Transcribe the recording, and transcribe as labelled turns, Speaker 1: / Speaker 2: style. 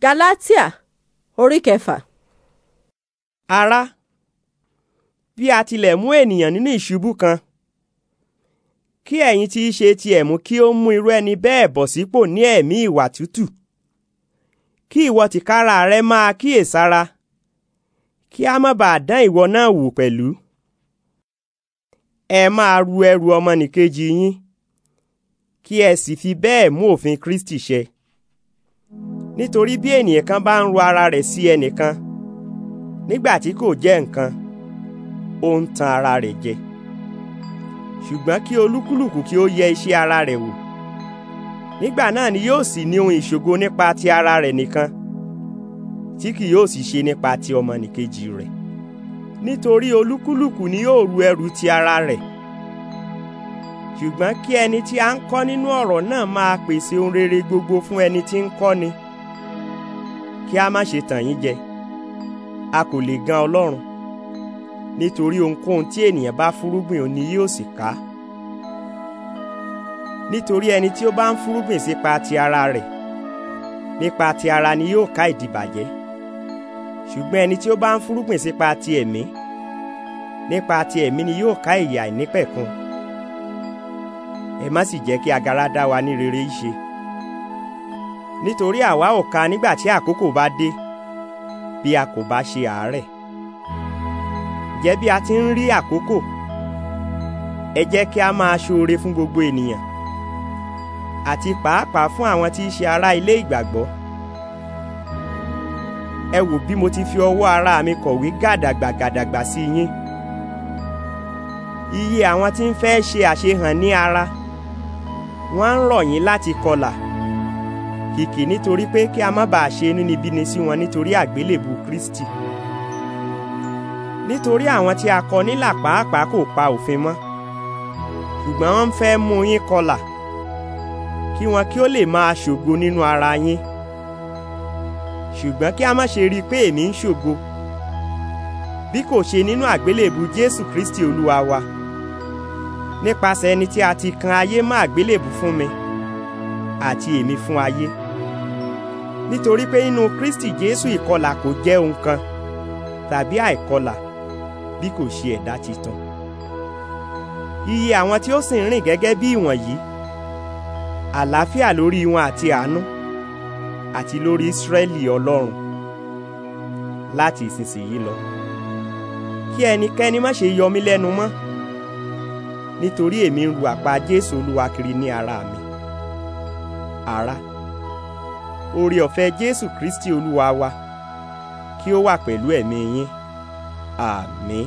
Speaker 1: galatia orí kẹfà. ará bí a tilẹ̀ mú ènìyàn nínú ìṣubú kan kí ẹ̀yin tí í ṣe tiẹ̀ mú kí ó mú irú ẹni bẹ́ẹ̀ bọ̀ sípò ní ẹ̀mí ìwà tútù kí ìwọ tìkára rẹ máa kíyèsára kí a má bàa dán ìwọ náà wò pẹ̀lú ẹ máa ru ẹrù ọmọnìkejì yín kí ẹ sì fi bẹ́ẹ̀ mú òfin Kristi ṣẹ nítorí bí ènìyàn kan bá ń ro ara rẹ̀ sí ẹnìkan nígbà tí kò jẹ́ nǹkan ó ń tan ara rẹ̀ jẹ ṣùgbọ́n kí olúkúlùkù kí ó yẹ iṣẹ́ ara rẹ̀ wò nígbà náà ni yóò sì ní ohun ìṣògo nípa ti ara rẹ̀ nìkan tí kì yóò sì ṣe nípa ti ọmọnìkejì rẹ̀ nítorí olúkúlùkù ni yóò ru ẹrù ti ara rẹ̀ ṣùgbọ́n kí ẹni tí a ń kọ́ nínú ọ̀rọ̀ náà máa pèsè ohun rere gbogbo fún ẹni tí ń kọ́ni kí a má ṣe tàn yín jẹ a kò lè gan ọlọ́run nítorí ohunkóhun tí ènìyàn bá fúrúgbìn òní yóò sì ká nítorí ẹni tí ó bá ń fúrúgbìn sípa ti ara rẹ̀ nípa ti ara ni yóò ká ìdìbàjẹ́ ṣùgbọ́n ẹni tí ó bá ń fúrúgbìn sípa ti ẹ̀mí nípa ti ẹ̀mí ni yóò ká ìyà àìnípẹ̀kun ẹ má sì jẹ́ kí agara dá wa ní rere í ṣe nítorí àwa ò ka nígbà tí àkókò bá dé bí a kò bá ṣe àárẹ̀ jẹ́ bí a ti ń rí àkókò ẹ jẹ́ kí a máa ṣoore fún gbogbo ènìyàn àti pàápàá fún àwọn tí í ṣe ará ilé ìgbàgbọ́ ẹ wò bí mo ti fi ọwọ́ ara mi kọ̀wé gàdàgbà gàdàgbà sí yín iye àwọn tí ń fẹ́ ṣe àṣehàn ní ara wọ́n ń rọ̀ yín láti kọlà kìkì nítorí pé kí a má bàa ṣe inúnibíni sí wọn nítorí àgbélébù Kristi nítorí àwọn tí a kọ nílà pàápàá kò pa òfin mọ́ ṣùgbọ́n wọ́n ń fẹ́ mú yín kọlà kí wọn kí ó lè máa ṣògo nínú ara yín ṣùgbọ́n kí a má ṣe rí i pé èmi ń ṣògo bí kò ṣe nínú àgbélébù Jésù Kristi Olúwa wa nípasẹ̀ ẹni tí a ti kan ayé mọ́ àgbélébù fún mi àti èmi fún ayé nítorí pé nínú Kristi Jésù ìkọlà kò jẹ́ ohun kan tàbí àìkọlà bí kò ṣe ẹ̀dá titun iye àwọn tí ó sì ń rìn gẹ́gẹ́ bí ìwọ̀nyí àlàáfíà lórí wọn àti àánú àti lórí Ísírẹ́lì Ọlọ́run láti ìsinsìnyí lọ kí ẹnikẹ́ni má ṣe yọ mí lẹ́nu mọ́ nítorí èmi ń ru àpá Jésù Olúwa kiri ní ara mi ará oore ọ̀fẹ́ jésù kristi olúwa wa kí ó wà pẹ̀lú ẹ̀mí yín àmín.